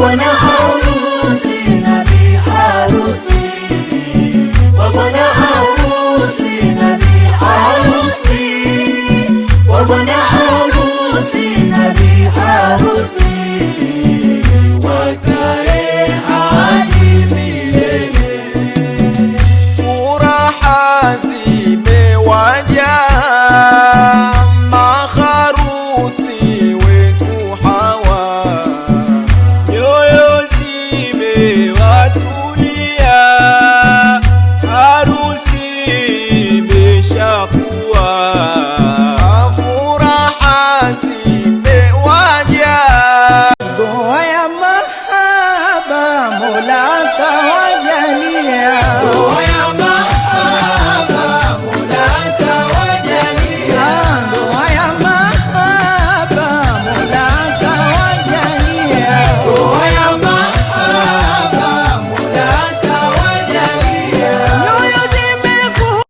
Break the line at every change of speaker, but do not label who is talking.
bwana harusi na harusi, wa bwana harusi